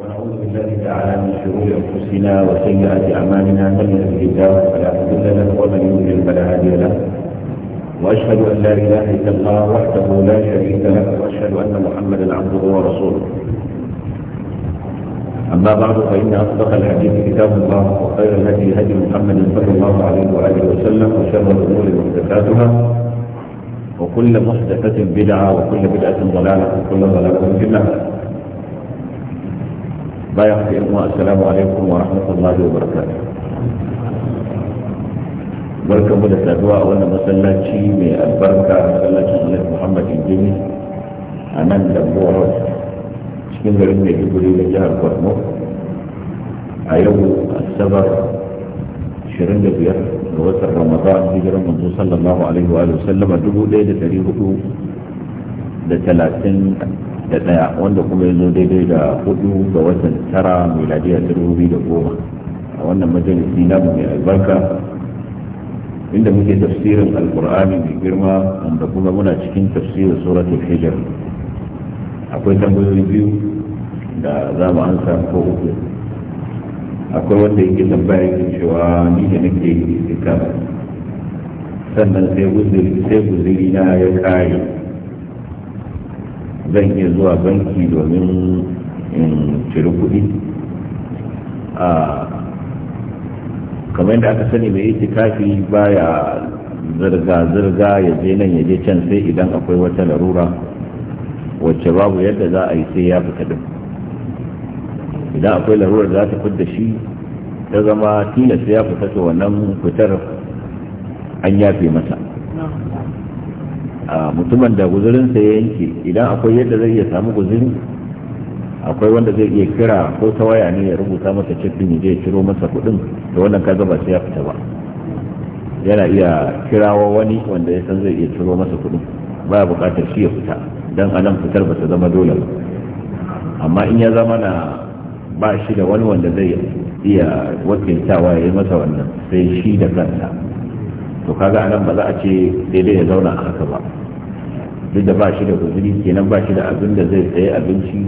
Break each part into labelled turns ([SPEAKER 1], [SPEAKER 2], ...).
[SPEAKER 1] ونعوذ بالله تعالى من شرور انفسنا وسيئات اعمالنا من يهده الله فلا مضل له ومن يضلل فلا هادي له واشهد ان لا اله الا الله وحده لا شريك له واشهد ان محمدا عبده ورسوله اما بعد فان اصدق الحديث كتاب الله وخير الهدي هدي محمد صلى الله عليه واله وسلم وشر الامور محدثاتها وكل محدثه بدعه وكل بدعه ضلاله وكل ضلاله في النار bayan haka yan uwa assalamu alaikum wa rahmatullahi wa barakatuh barkamu da saduwa a wannan masallaci mai albarka masallacin Annabi Muhammad Jimi a nan da Boro cikin garin Maiduguri da jihar Borno a yau asabar 25 ga watan Ramadan hijiran manzo sallallahu alaihi wa sallam 1400 da 330 da ɗaya wanda kuma ya zo daidai da hudu ga watan tara miladiyar ta dubu da goma a wannan majalisi mu mai albarka inda muke tafsirin alkur'ani mai girma wanda kuma muna cikin tafsirin suratul hijr akwai tambayoyi biyu da za mu ansa ko uku akwai wanda yake tambaya yake cewa ni da nake yi sannan sai guzuri na ya kare zan iya zuwa banki domin in ciri kuɗi a kamar da aka sani mai itikafi baya zirga-zirga ya je nan ya je can sai idan akwai wata larura wacce babu yadda za a yi sai ya fita din idan akwai larurar za ta fita shi ta zama tilasta ya fita to wannan fitar an yafe masa a mutumin da guzurinsa ya yanke idan akwai yadda zai iya samu guzuri akwai wanda zai iya kira ko ta waya ne ya rubuta masa cikin ya je kiro masa kuɗin da wannan ka ba sai ya fita ba yana iya kirawa wani wanda ya san zai iya ciro masa kuɗin ba ya buƙatar shi ya fita don anan fitar ba ta zama dole ba amma in ya zama na ba shi da wani wanda zai iya wakiltawa ya yi masa wannan sai shi da kansa to kaga anan ba za a ce daidai ya zauna a haka ba duk da ba shi da guzuri kenan ba shi da abin da zai tsaye abinci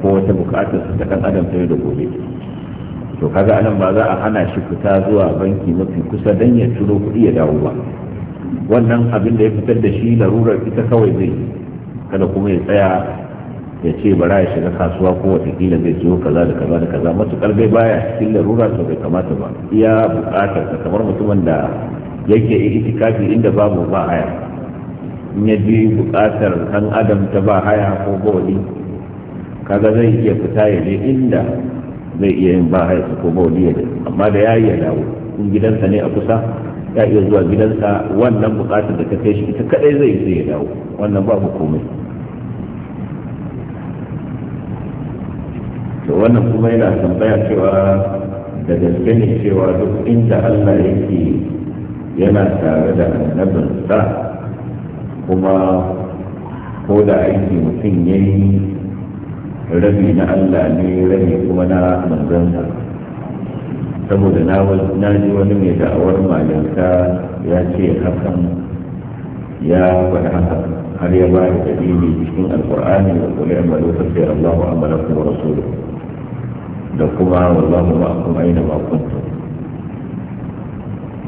[SPEAKER 1] ko wata bukatar ta kan adam ta da gobe to kaga anan ba za a hana shi fita zuwa banki mafi kusa dan ya turo kuɗi ya dawo ba wannan abin da ya fitar da shi larurar ita kawai zai kada kuma ya tsaya ya ce bara ya shiga kasuwa ko watakila zai siyo kaza da kaza da kaza matukar bai baya cikin larura to bai kamata ba iya bukatar kamar mutumin da yake itikafi inda babu ba haya in ya ji buƙatar ɗan adam ta ba haya ko boli kaga zai iya fita ya je inda zai iya yin ba haya ko boli ya amma da ya yi ya dawo in gidansa ne a kusa ya iya zuwa gidansa wannan buƙatar da ta kai shi ita kaɗai zai sai ya dawo wannan babu komai to wannan kuma yana tambaya cewa da gaske ne cewa duk inda Allah yake yana tare da annabin sa kuma ko da aiki mutum ya yi rabi na Allah ne rabi kuma na manzansa saboda na ji wani mai da'awar malinta ya ce hakan ya faɗi haka har ya ba da dalili cikin alkur'ani da kuli amalu sai Allahu amalakum wa rasulu da kuma wallahu ma'akum aina ma kuntum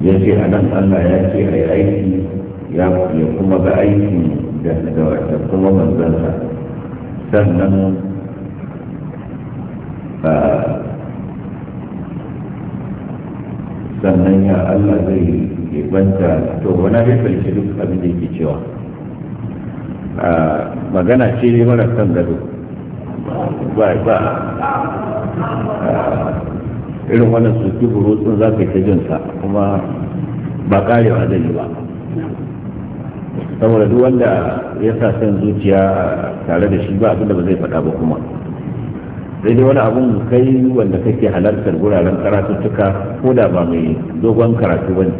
[SPEAKER 1] ya ce a nan allah ya ce a yi aiki ya kuma ga aiki da kuma manzansa sannan sannan ya allah zai banta to wani bai fahimci duk abin da yake cewa magana ce mara kan gado ba ba irin wannan buru burutsun za ka yi ta sa kuma ba karewa zai yi ba saboda duk wanda ya sa son zuciya tare da shi ba abin da ba zai faɗa ba kuma sai dai wani abun kai wanda kake halartar wuraren karatuttuka ko da ba mai dogon karatu ba ne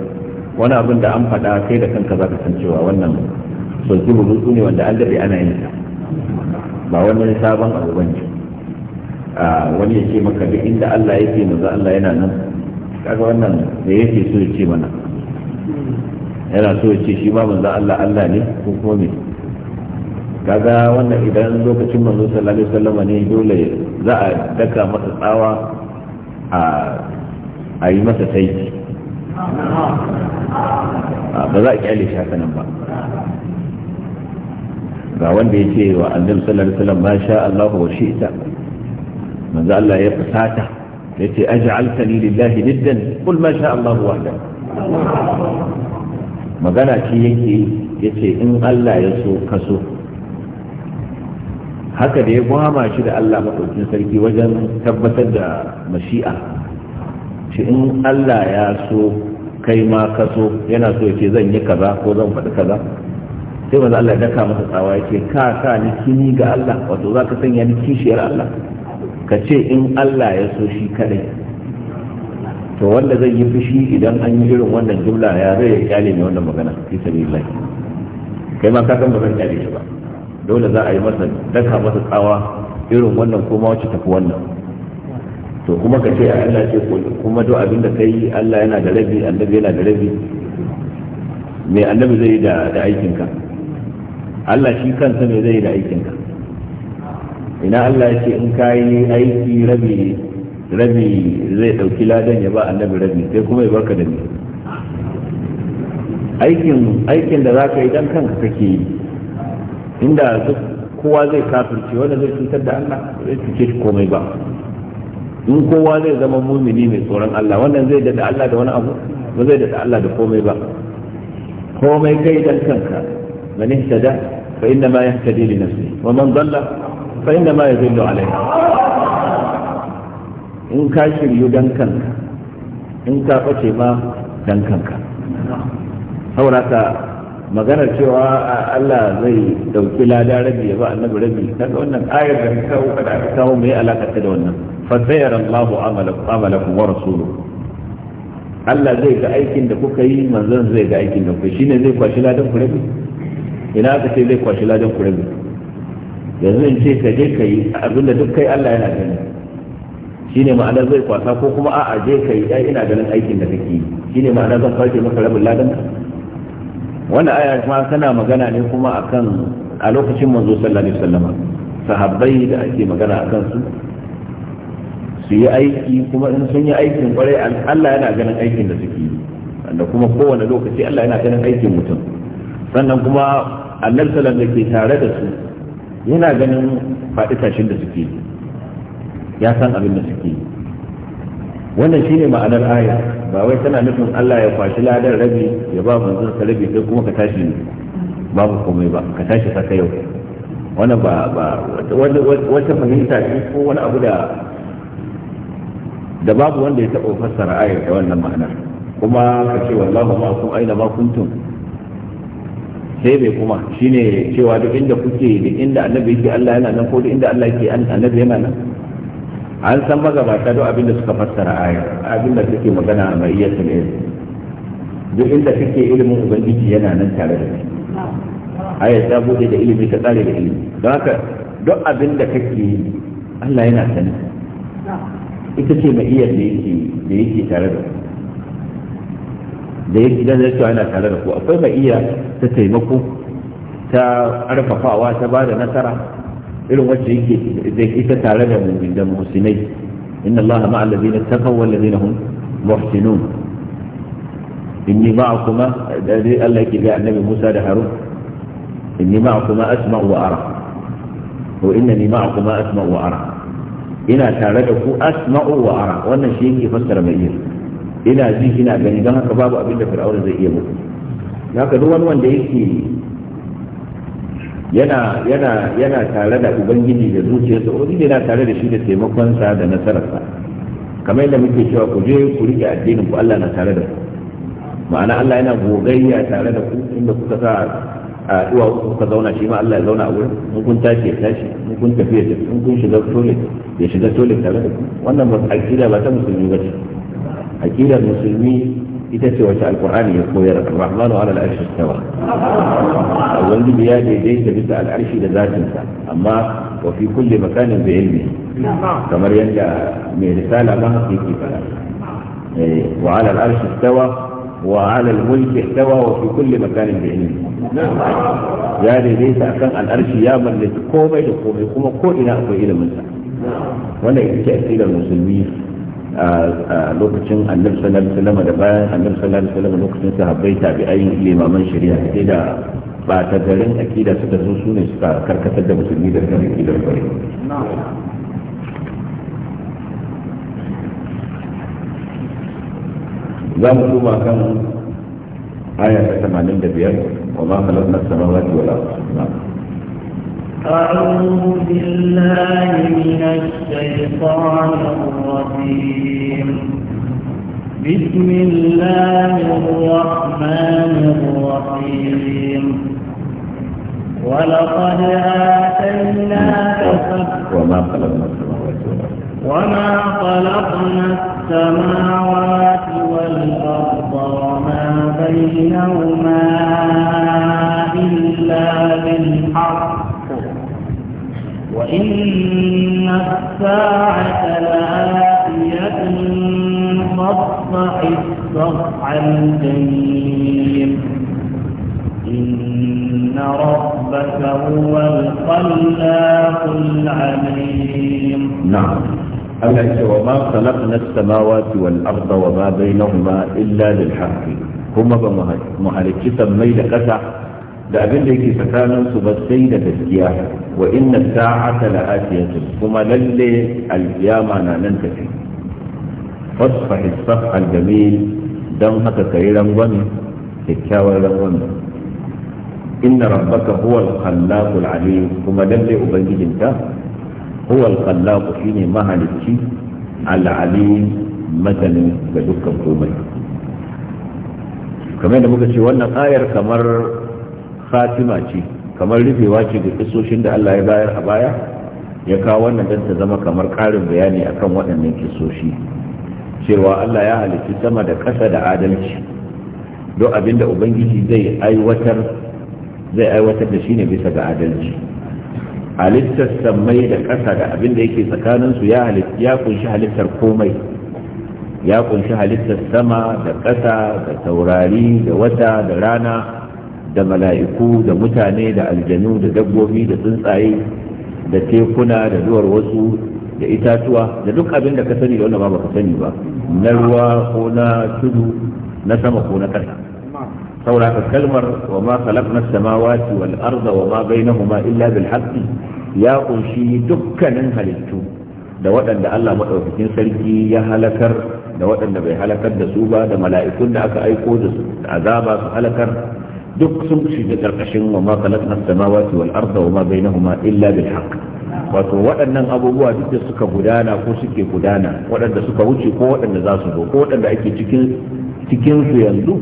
[SPEAKER 1] wani abun da an faɗa kai da kanka za ka san cewa wannan sauki burutsu ne wanda an daɗe ana yin sa ba wani sabon abu ba ne wani ya ce maka duk inda Allah yake manzo Allah yana nan kaga wannan da yake so ya ce mana yana so ya ce shi ma manzo Allah Allah ne ko kuma me kaga wannan idan lokacin manzo sallallahu alaihi wasallam ne dole za a daka masa tsawa a yi masa taiki ba za a kyale shi haka nan ba ga wanda ya ce wa annabi sallallahu alaihi wasallam ma sha Allah wa shi'ta manzo Allah ya fusata yace aj'altani lillahi niddan qul ma sha Allah wahdahu magana ce yake yace in Allah ya so ka so haka da ya gwama shi da Allah maɗaukin sarki wajen tabbatar da mashi'a shi in Allah ya so kai ma ka yana so ya ce zan yi kaza ko zan faɗi kaza sai manzo Allah ya daka masa tsawa yake ka sa ni kini ga Allah wato za ka sanya ni kishiyar Allah ka ce in Allah ya so shi kadai to wanda zai yi fushi idan an yi irin wannan jumla ya zai ya kyale mai wannan magana fi sabilillah kai ma ka san ba zan kyale shi ba dole za a yi masa daka masa tsawa irin wannan ko ma wacce tafi wannan to kuma ka ce Allah ce kuma duk abin da kai Allah yana da rabi annabi yana da rabi me annabi zai yi da aikinka Allah shi kansa ne zai yi da aikinka ina Allah ya ce in ka yi aiki rabi rabi zai ɗauki ladan ya ba annabi rabi sai kuma ya barka da ni aikin aikin da za ka yi dan kanka kake yi inda duk kowa zai kafirce wanda zai cutar da Allah zai cuce shi komai ba in kowa zai zama mumini mai tsoron Allah wannan zai daɗa Allah da wani abu ba zai daɗa Allah da komai ba komai kai dan kanka man ihtada fa inna ma yahtadi li nafsihi wa man dalla fa inda ma yadullu alaiha in ka shiryu dan kanka in ka bace ma dan kanka saboda maganar cewa Allah zai dauki lada rabi ya ba annabi rabi kaga wannan ayar da ka kawo kada ka kawo mai alaka da wannan Allahu Allah zai ga aikin da kuka yi manzon zai ga aikin da kuka shine zai kwashi ladan ku rabi ina ka ce zai kwashi ladan ku rabi yanzu in ce ka je ka yi abinda duk kai Allah yana gani shine ma'ana zai kwasa ko kuma a'a je ka yi ya ina ganin aikin da kake yi shine ma'ana zan farce maka rabin ladan wannan aya kuma tana magana ne kuma akan a lokacin manzo sallallahu alaihi wasallam sahabbai da ake magana akan su su yi aiki kuma in sun yi aikin kwarai Allah yana ganin aikin da suke yi wanda kuma kowane lokaci Allah yana ganin aikin mutum sannan kuma annabi sallallahu alaihi wasallam da ke tare da su yana ganin faɗi tashin da suke ya san abin da suke wannan shine ma'anar aya ba wai tana nufin Allah ya kwashi ladan rabi ya ba manzon sa rabi sai kuma ka tashi babu komai ba ka tashi saka yau wannan ba ba wata fahimta ce ko wani abu da da babu wanda ya taɓa fassara ayar da wannan ma'anar kuma ka ce wallahu ma'akum aina ma kuntum sai bai kuma shine cewa duk inda kuke duk inda annabi yake Allah yana nan ko duk inda Allah yake annabi yana nan an san magabata duk abin da suka fassara aya abin da suke magana a mai iyatul ilmi duk inda kake ilimin ubangiji yana nan tare da
[SPEAKER 2] kai
[SPEAKER 1] aya ta bude da ilimi ta tsare da ilimi don haka duk abin da kake Allah yana sani ita ce mai iyar da yake da yake tare da kai da ya gidan da cewa yana tare da ku akwai mai iya ta taimako ta ƙarfafawa ta ba da nasara irin wacce yake da ita tare da mu'min da muhsinai inna allaha ma'a allazina taqaw wal ladina hum muhsinun inni ma'akuma da dai Allah yake ga annabi Musa da Harun inni ma'akuma asma'u wa ara wa innani ma'akuma asma'u wa ara ina tare da ku asma'u wa ara wannan shi yake fassara mai iya ina ji ina gani don haka babu abin da fir'auna zai iya muku haka duk wani wanda yake yana yana yana tare da ubangiji da zuciyarsa ubangiji yana tare da shi da taimakonsa da nasararsa kamar yadda muke cewa ku je ku rike addinin ku Allah na tare da ku ma'ana Allah yana gogayya tare da ku inda kuka sa a duwa kuka zauna shi ma Allah ya zauna a wurin in kun tashi ya tashi in kun tafi ya tafi mun kun shiga tole ya shiga tole tare da ku wannan ba akida ba ta musulmi ba ce أجيل المسلمين إذا سوى سويت القرآن يقول الرحمن على العرش استوى أول بيا يدي تبدا العرش إلى ذات إنسان أما وفي كل مكان بعلمه كما يرجع من رسالة ما في كفاية وعلى العرش استوى وعلى الملك احتوى وفي كل مكان بعلمه يا ليس أكن الأرش يا من لتقوم يقوم يقوم كل إلى منها وأنا إذا المسلمين a lokacin annabi sallallahu alaihi wasallam da bayan annabi sallallahu alaihi wasallam lokacin sahabbai tabi'ai limaman shari'a sai da ba ta garin akida suka zo su ne suka karkatar da musulmi da kan akidar bare za mu koma kan aya ta 85 wa ma khalaqna as-samawati wal ardh
[SPEAKER 3] أعوذ بالله من الشيطان الرجيم بسم الله الرحمن الرحيم ولقد آتيناك وما خلقنا السماوات والأرض وما بينهما إلا بالحق وإن الساعة لآتية فاصفح الصفح الجميل إن ربك هو الخلاق العليم نعم
[SPEAKER 1] أما وما خلقنا السماوات والأرض وما بينهما إلا للحق هما بمهلك كتب ميل قتح da abin da yake tsakanin su ba sai da gaskiya wa inna sa'ata la'atiyatu kuma lalle alkiyama na nan tafi fasfahi safha jamil dan haka kai rangwame kyakkyawan rangwame inna rabbaka huwa al-khallaqu al-alim kuma lalle ubangijinka huwa al-khallaqu shine mahalicci al-alim masanin ga dukkan komai kamar da muka ce wannan ayar kamar fatima ce kamar rufewa ce ga kisoshin da Allah ya bayar a baya ya kawo wannan dan ta zama kamar karin bayani akan waɗannan kisoshi cewa Allah ya halitta sama da ƙasa da adalci don abin da ubangiji zai aiwatar zai aiwatar da shi ne bisa ga adalci halittar samai da ƙasa da abin da yake tsakaninsu ya kunshi halittar komai ya kunshi halittar sama da ƙasa da taurari da wata da rana da mala'iku da mutane da aljanu da dabbobi da tsuntsaye da tekuna da duwar wasu da itatuwa da duk abin da ka sani da wanda ba ka sani ba na ruwa ko na tudu na sama ko na ƙasa sauraka kalmar wa ma khalaqna samawati wal arda wa ma bainahuma illa bil haqqi ya kunshi dukkanin halittu da waɗanda Allah maɗaukakin sarki ya halakar da waɗanda bai halakar da su ba da mala'ikun da aka aiko da azaba su halakar duk sun shiga karkashin wa ma khalaqna as-samawati wal arda wa ma bainahuma illa bil haqq wato waɗannan abubuwa duk da suka gudana ko suke gudana waɗanda suka wuce ko waɗanda za su zo ko waɗanda ake cikin cikin su yanzu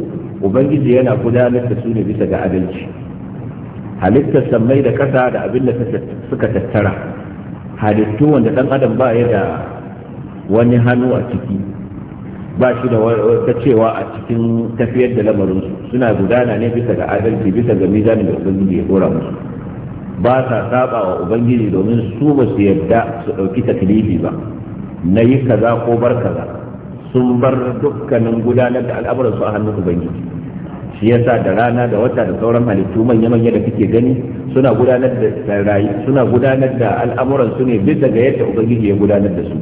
[SPEAKER 1] ubangiji yana gudanar da su ne bisa ga adalci halittar sammai da kasa da abin da suka tattara halittu wanda ɗan adam ba ya da wani hannu a ciki ba shi da wata cewa a cikin tafiyar da lamarinsu suna gudana ne bisa ga adalci bisa ga mizanin da ubangiji ya dora musu ba sa saba wa ubangiji domin su ba su yadda su ɗauki taklifi ba na yi kaza ko bar kaza sun bar dukkanin gudanar da al'amuran su a hannun ubangiji shi yasa da rana da wata da sauran halittu manya-manya da kake gani suna gudanar da suna gudanar da al'amuran su ne bisa ga yadda ubangiji ya gudanar da su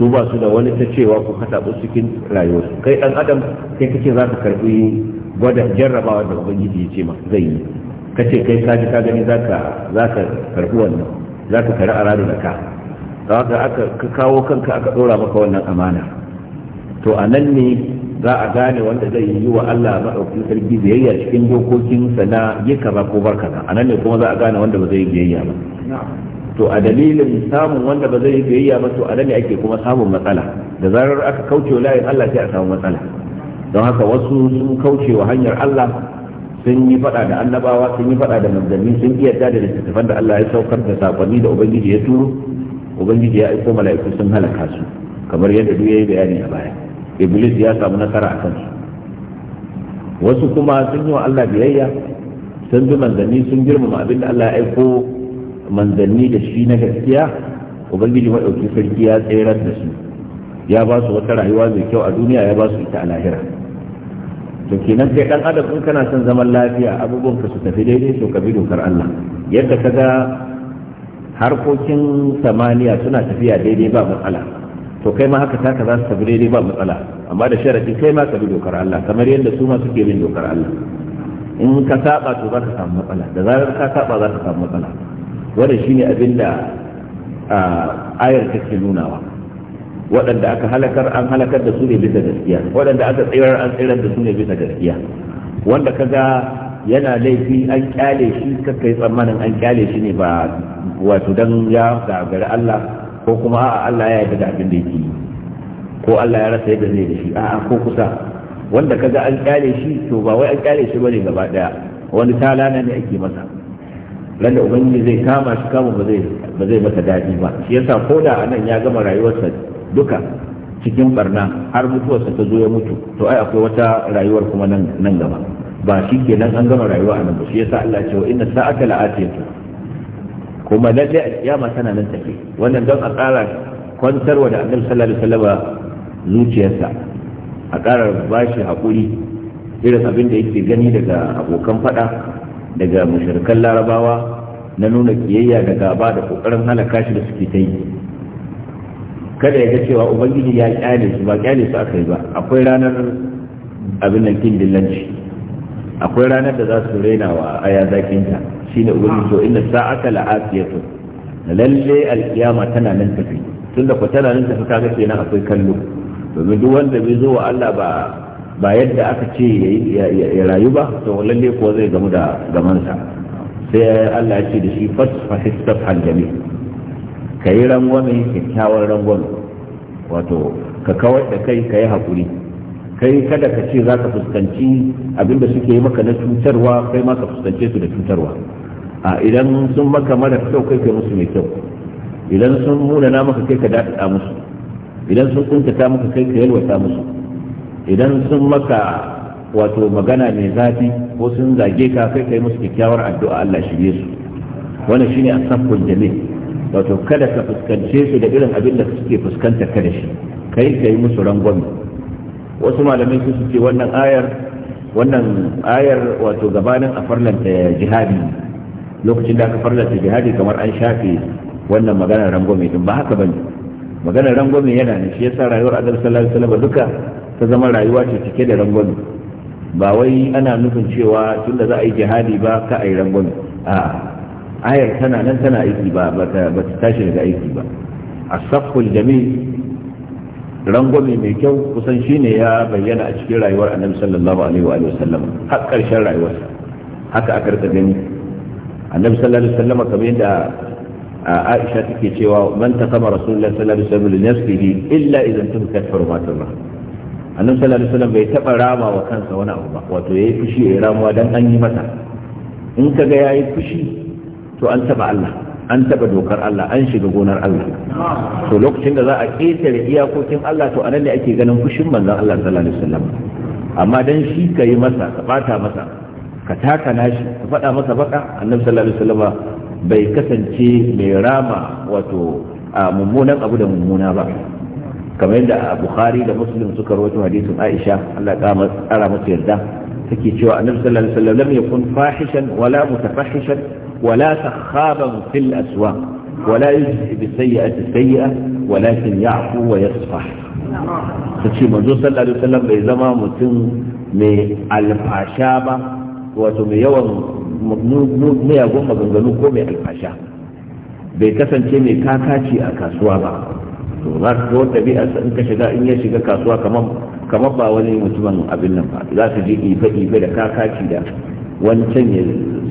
[SPEAKER 1] su ba su da wani ta cewa ku ka su cikin rayuwarsu kai dan adam kai kake za ka karbi gwada jarrabawa da ubangiji ya ce ma zai yi kace kai ka ji ka gani za ka karbi wannan za ka kari a ranar ka aka kawo kanka aka dora maka wannan amana to a nan ne za a gane wanda zai yi wa Allah maɗaukin sarki biyayya cikin dokokinsa na yi kaza ko barka a nan ne kuma za a gane wanda ba zai yi biyayya ba to a dalilin samun wanda ba zai yi biyayya ba to a da ne ake kuma samun matsala da zarar aka kauce wa layin Allah sai a samu matsala don haka wasu sun kauce wa hanyar Allah sun yi fada da annabawa sun yi fada da manzanni sun iya da littattafan da Allah ya saukar da sakonni da ubangiji ya turo ubangiji ya aiko mala'iku sun halaka su kamar yadda duk yayi bayani a baya iblis ya samu nasara a kansu wasu kuma sun yi wa Allah biyayya sun bi manzanni sun girmama abin da Allah ya aiko manzanni da shi na gaskiya ubangiji maɗauki sarki ya tsayar da su ya ba su wata rayuwa mai kyau a duniya ya ba su ita a lahira to kenan kai dan adam in kana son zaman lafiya abubuwan ka su tafi daidai to ka bi dokar Allah yadda ka ga harkokin samaniya suna tafiya daidai ba matsala to kai ma haka taka za su tafi daidai ba matsala amma da sharadi kai ma ka bi dokar Allah kamar yadda su ma suke bin dokar Allah in ka saba to za ka samu matsala da zarar ka saba za ka samu matsala wannan shine abin da ayar take nunawa waɗanda aka halakar an halakar da su ne bisa gaskiya waɗanda aka tsirar an tsirar da su ne bisa gaskiya wanda kaga yana laifi an kyale shi kaka yi tsammanin an kyale shi ne ba wato dan ya gagari Allah ko kuma a'a Allah ya yi da abin da yake yi ko Allah ya rasa yadda zai da shi a'a ko kusa wanda kaga an kyale shi to ba wai an kyale shi bane gaba daya wani talana ne ake masa lalle da zai kama shi kama ba zai masa daɗi ba shi yasa ko da anan ya gama rayuwarsa duka cikin barna har mutuwarsa ta zo ya mutu to ai akwai wata rayuwar kuma nan gaba ba shi kenan an gama rayuwa anan ba shi yasa Allah ce wa inna sa'ata la'atiyatu kuma lalle alkiyama tana nan take wannan don a ƙara kwantarwa da annabi sallallahu alaihi wasallam zuciyarsa a ƙara bashi hakuri irin abin da yake gani daga abokan fada. daga mashirkan larabawa na nuna kiyayya da gaba da kokarin halaka shi da suke ta yi kada ya ga cewa ubangiji ya kyale su ba kyale su aka yi ba akwai ranar abin nan kin dillanci akwai ranar da za su raina wa aya zakin ta shine ubangiji to inna sa'ata la'afiyatu lalle alkiyama tana nan tafi tunda ko tana nan tafi kaga kenan akwai kallo domin duk wanda bai zo wa Allah ba ba yadda aka ce ya rayu ba to lalle ko zai gamu da gamansa sai Allah ya ce da shi fasfa histafan jami ka yi rangwame kyakkyawar rangwame wato ka kawar da kai ka yi haƙuri kai kada ka ce za ka fuskanci abinda suke yi maka na cutarwa kai ma ka fuskance su da cutarwa a idan sun maka mara kyau kai kai musu mai kyau idan sun na maka kai ka daɗaɗa musu idan sun kuntata maka kai ka yalwata musu idan sun maka wato magana mai zafi ko sun zage ka kai kai musu kyakkyawar addu'a Allah shirye su wannan shine asafun jami wato kada ka fuskance su da irin abin da suke fuskanta ka da shi kai kai musu rangwame wasu malamai su ce wannan ayar wannan ayar wato gabanin a farlanta jihadi lokacin da aka farlanta jihadi kamar an shafe wannan maganar rangwame din ba haka bane maganar rangwame yana ne shi yasa rayuwar adal sallallahu alaihi wasallam duka ta zama rayuwa ce cike da rangwame ba wai ana nufin cewa tunda za a yi jihadi ba ka a yi rangwame a ayar tana nan tana aiki ba ba ta tashi daga aiki ba asaful jami rangwame mai kyau kusan shine ya bayyana a cikin rayuwar annabi sallallahu alaihi wa sallam har karshen rayuwarsa haka aka rika gani annabi sallallahu alaihi wa sallam kamar yadda A aisha take cewa man taqama rasulullahi sallallahu alaihi wasallam li nafsihi illa idan tumkat hurumatur rahman annabi sallallahu alaihi wasallam bai taba rama wa kansa wani abu ba wato yayi fushi yayi ramuwa dan an yi masa in kaga yayi fushi to an taba Allah an taba dokar Allah an shiga gonar Allah to lokacin da za a ƙetare iyakokin Allah to anan ne ake ganin fushin manzon Allah sallallahu alaihi wasallam amma dan shi kai masa ka bata masa ka taka nashi ka faɗa masa baka annabi sallallahu alaihi wasallam bai kasance mai rama wato a mummunan abu da mummuna ba kamar yadda a bukhari da muslim suka rawaito hadisin aisha Allah ya kara mata yarda take cewa annabi sallallahu alaihi wasallam lam yakun fahishan wala mutafahishan wala sakhaban fil aswaq wala yujzi bi sayyi'ati sayyi'a walakin ya'fu wa yasfah tace manzo sallallahu alaihi wasallam bai zama mutum mai alfasha ba wato mai yawan miyagun maganganu ko mai alfasha bai kasance mai kakaci a kasuwa ba to za ka wata ɗabi'a in ka shiga in ya shiga kasuwa kamar ba wani mutumin abin nan ba za su ji ife ife da kakaci da wancan ya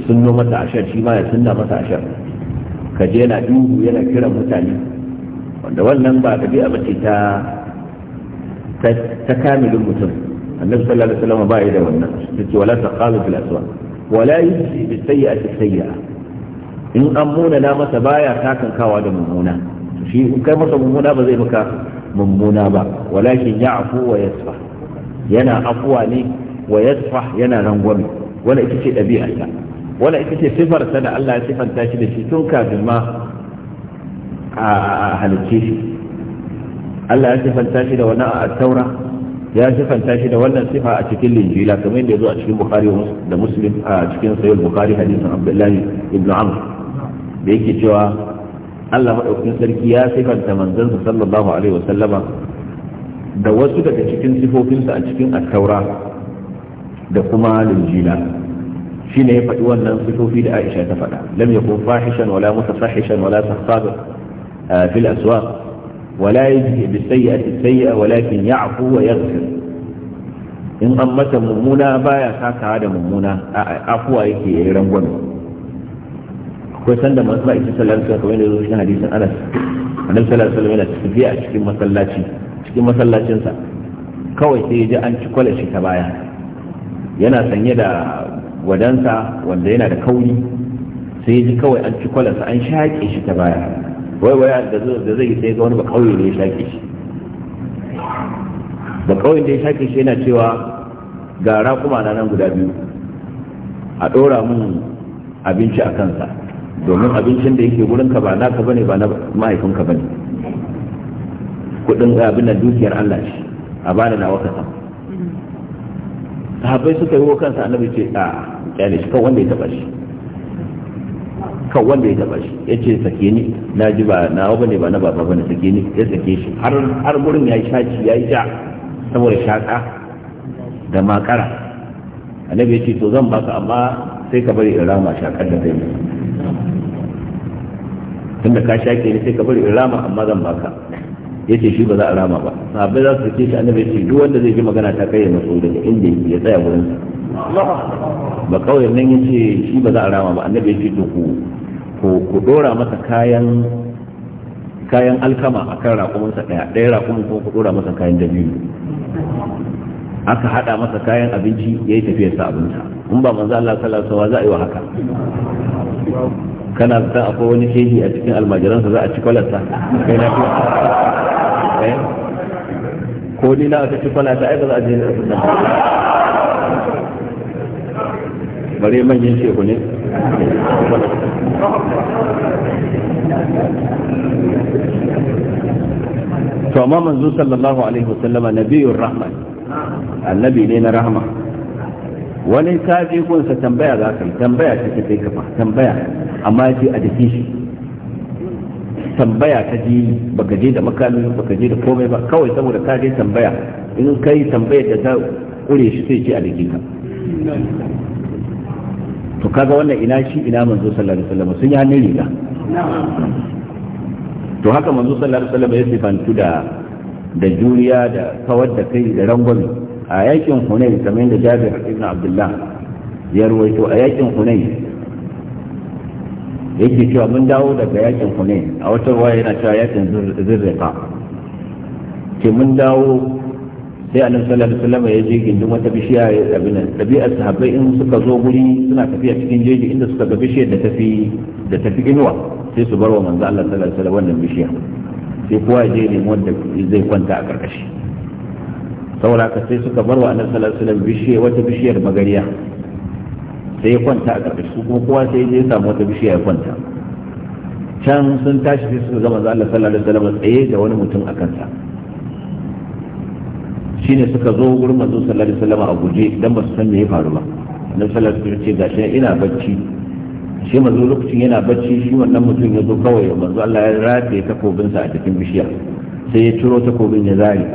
[SPEAKER 1] sunno masa ashar shi ma ya sunna masa ashar ka je yana yana kiran mutane wanda wannan ba ɗabi'a ba ce ta ta kamilin mutum annabi sallallahu alaihi wasallam ba ya da wannan yace wala taqalu fil aswaq wala yujzi bis sayyi'ati sayyi'a in an muna na masa baya takankawa da mummuna shi in kai masa mummuna ba zai maka mummuna ba walakin ya'fu wa yasfa yana afwa ne wa yasfa yana rangwame wala ita ce ɗabi'arsa wala ita ce sifarsa da Allah ya sifanta shi da shi tun kafin ma a halicce Allah ya shi da wani a taura ya sifanta shi da wannan sifa a cikin linjila kamar yadda ya zo a cikin bukari da muslim a cikin sayar bukhari hadisin abdullahi ibn amr da yake cewa allah maɗaukin sarki ya sifanta manzansa sallallahu alaihi wasallama da wasu daga cikin sifofinsa a cikin attaura da kuma linjila shi ne ya faɗi wannan sifofi da aisha ta faɗa lam yakun fahishan wala mutafahishan wala sahaba fil aswaq wala yajzi bi sayyi'ati sayyi'a walakin ya'fu wa yaghfir in an mata mummuna baya sakawa da mummuna afuwa yake yayi rangwame akwai sanda manzo ba isa sallallahu alaihi wasallam da zuwa hadisin Anas annabi sallallahu yana tafiya a cikin masallaci cikin masallacinsa kawai sai ya ji an ci kwalashi ta baya yana sanye da wadansa wanda yana da kauri sai ya ji kawai an ci an shaƙe shi ta baya wai wai da zai yi sai ga wani bakauye ne ya shaƙe shi bakauyen da ya shaƙe shi yana cewa ga rakuma na nan guda biyu a ɗora mun abinci a kansa domin abincin da yake ka ba ka bane ba na mahaifinka bane kudin abin da dukiyar Allah ce a bada na waka samu sahabbai suka yi kansa annabi ce a kyale shi kan wanda ya taba shi kan wanda ya taba shi ya ce sake ni na ji ba na ba ne ba na baba ba ne sake ni ya sake shi har gurin ya yi shaci ya yi ja saboda shaka da makara annabi ya ce to zan baka amma sai ka bari in rama shakar da tun tunda ka shake ni sai ka bari in rama amma zan baka ya ce shi ba za a rama ba sahabbai za su sake shi annabi ya ce duk wanda zai ji magana ta kai ya matso daga inda ya tsaya wurinsa
[SPEAKER 2] ba
[SPEAKER 1] kawai nan yace shi ba za a rama ba annabi ce to ku ku dora masa kayan kayan alkama kan raƙuminsa ɗaya ɗaya raƙumin kuma ku dora masa kayan dabilu aka hada masa kayan abinci ya yi tafiyar sa abinsa in ba manzo Allah sallallahu alaihi za a yi wa haka kana da akwai wani shehi a cikin almajiransa za a ci kwalarsa kai na fi eh? ko ni na aka ci kwalarsa ai ba za a je na bare manyan shehu ne to amma manzo sallallahu alaihi wasallama nabiyur rahma annabi ne na rahma wani ka je gunsa tambaya za ka yi tambaya ta kai kafa tambaya amma ji a jikin shi tambaya ta ji baka je da makami baka je da komai ba kawai saboda ka je tambaya in kai tambayar da ta kure shi sai ce a jikin ka to kaga wannan ina shi ina manzo sallallahu alaihi wasallam sun yi hannun riga to haka manzo sallallahu alaihi wasallam ya sifantu da da juriya da kawar da kai da rangwami a yakin hunayn kamar yadda Jabir ibn Abdullah ya ruwaito a yakin hunayn yake cewa mun dawo daga yakin hunayn a wata ruwaya yana cewa yakin zurriqa ke mun dawo sai annabi sallallahu alaihi wasallam ya je gindin wata bishiya ya abin nan dabi'ar sahabbai in suka zo guri suna tafiya cikin jeji inda suka ga bishiyar da tafi da tafi inuwa sai su bar wa manzo Allah sallallahu alaihi wasallam wannan bishiya sai kowa ya je ne wanda zai kwanta a karkashi saboda haka sai suka bar wa annabi sallallahu alaihi wasallam bishiyar wata bishiyar magariya sai ya kwanta a karkashi su kuma kowa sai ya samu wata bishiya ya kwanta can sun tashi sai suka ga manzo Allah sallallahu alaihi wasallam tsaye da wani mutum a kansa shine suka zo gurin manzo sallallahu alaihi wasallam a guje dan ba su san me ya faru ba na sallallahu alaihi wasallam ce gashi ina bacci shi manzo lokacin yana bacci shi wannan mutum ya zo kawai manzo Allah ya rataye takobinsa a cikin bishiya sai ya ciro takobin ya zari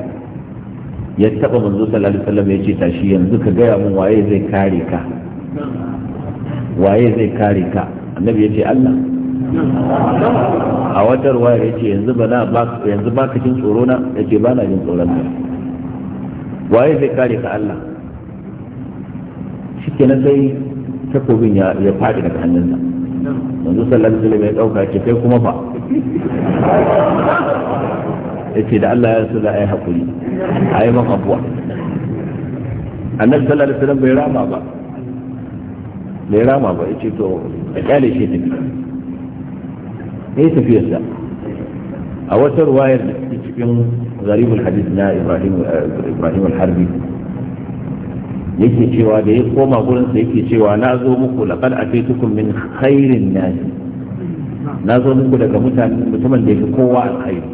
[SPEAKER 1] ya taba manzo sallallahu alaihi wasallam ya ce tashi yanzu ka gaya mun waye zai kare ka waye zai kare ka annabi ya ce Allah a wata ruwaya ya ce yanzu ba na yanzu ba ka jin tsoro na ya ce ba na jin tsoron waye zai kare ka Allah shi kenan sai takobin ya faɗi daga hannunsa yanzu sallallahu alaihi ya ɗauka ce kai kuma fa ya ce da Allah ya su da ai haƙuri a yi man abuwa annabi sallallahu alaihi wasallam bai rama ba bai rama ba ya ce to a kyale shi tafi ya yi tafiyarsa a wata ruwayar da cikin غريب الحديث na Ibrahim Ibrahim al-Harbi yake cewa da ya koma gurin yake cewa na muku laqad ataitukum min khairin nas na muku daga mutanen mutumin da yake kowa alkhairi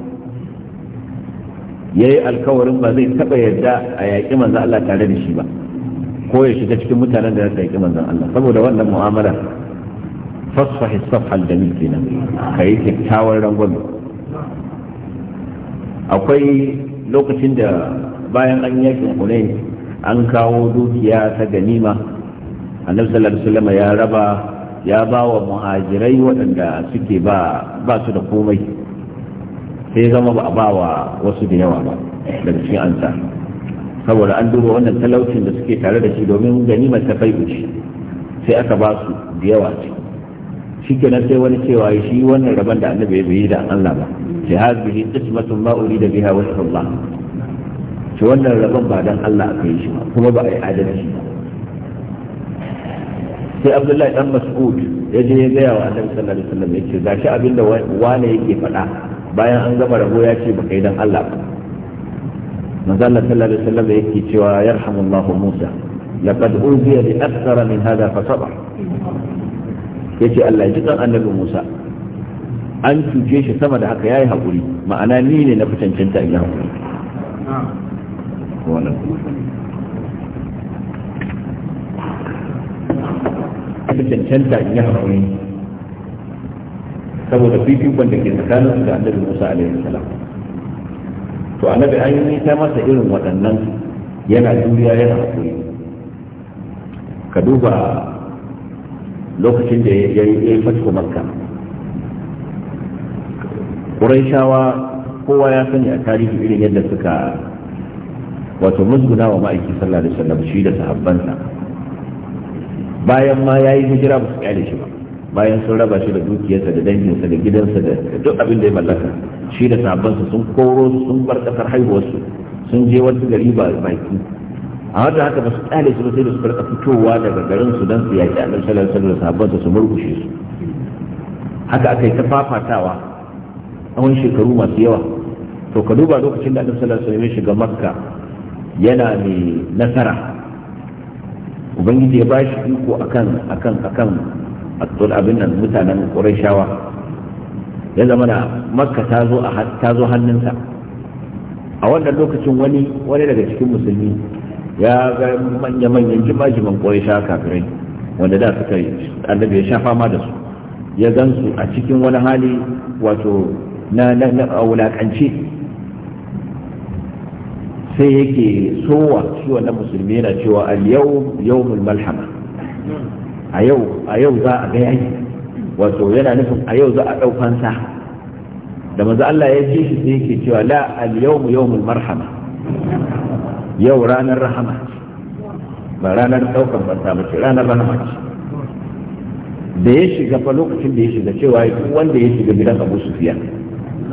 [SPEAKER 1] yayi alkawarin ba zai taɓa yarda a yaƙi manzon Allah tare da shi ba ko ya shiga cikin mutanen da suka yaƙi manzon Allah saboda wannan mu'amala fasfahi safhal kenan kai kyakkyawar akwai lokacin da bayan an yakin hunain an kawo dukiya ta ganima annabi sallallahu alaihi ya raba ya ba wa muhajirai waɗanda suke ba su da komai sai zama ba a ba wa wasu da yawa ba daga cikin ansa saboda an duba wannan talaucin da suke tare da shi domin ganima ta fai'uci sai aka ba su da yawa ciki shikenan sai wani cewa shi wannan rabon da annabi ya bai da Allah ba sai hazihi qismatun ma urida biha wajhu Allah shi wannan rabon ba dan Allah aka yi shi ba kuma ba a yi adalci ba sai Abdullahi dan Mas'ud ya je ya gaya wa annabi sallallahu alaihi wasallam yace gashi abinda wane yake faɗa bayan an gama rabo ya ce baka yi dan Allah ba manzo Allah sallallahu alaihi wasallam yake cewa yarhamullahu Musa laqad uziya li akthara min hadha fa sabara yace Allah ya ji kan annabi Musa an cuce shi sama da haka ya yi hakuri ma'ana ni ne na fitancin ta ina hakuri wannan fitancin in yi hakuri saboda fifikon da ke tsakanin su da annabi Musa alaihi salam to annabi an yi nisa masa irin waɗannan yana juriya yana hakuri ka duba lokacin da ya yi fatko makka ƙuraishawa kowa ya sani a tarihi irin yadda suka wato musguna wa ma'aiki sallah da shi da sahabbansa bayan ma ya yi hijira ba su kyale shi ba bayan sun raba shi da dukiyarsa da danginsa da gidansa da duk abin da ya mallaka shi da sahabbansa sun koro sun bar kasar haihuwarsu sun je wata gari ba baki a wata haka ba su kyale su ba sai da su karka fitowa daga garin su don su yaƙi a ɗan alaihi da sabon su murkushe su haka aka yi ta fafatawa tsawon shekaru masu yawa to ka duba lokacin da ɗan sallallahu alaihi mai ya shiga makka yana mai nasara ubangiji ya bashi iko a akan a akan abin nan mutanen qurayshawa ya zama na makka ta zo ta zo hannunsa a wannan lokacin wani wani daga cikin musulmi ya ga manya-manyan jima-jiman sha kafirai wanda da suka yi annabi ya sha fama da su ya gan su a cikin wani hali wato na wulaƙance sai yake sowa shi wannan musulmi yana cewa al-yau yawmul malhama a yau a yau za a ga yaki wato yana nufin a yau za a ɗaukansa. da maza Allah ya ce shi sai yake cewa la al-yawmu yawmul marhama yau ranar rahama ba ranar ɗaukar banta ba ce ranar rahama ce da ya shiga fa lokacin da ya shiga cewa duk wanda ya shiga gidan abu sufiya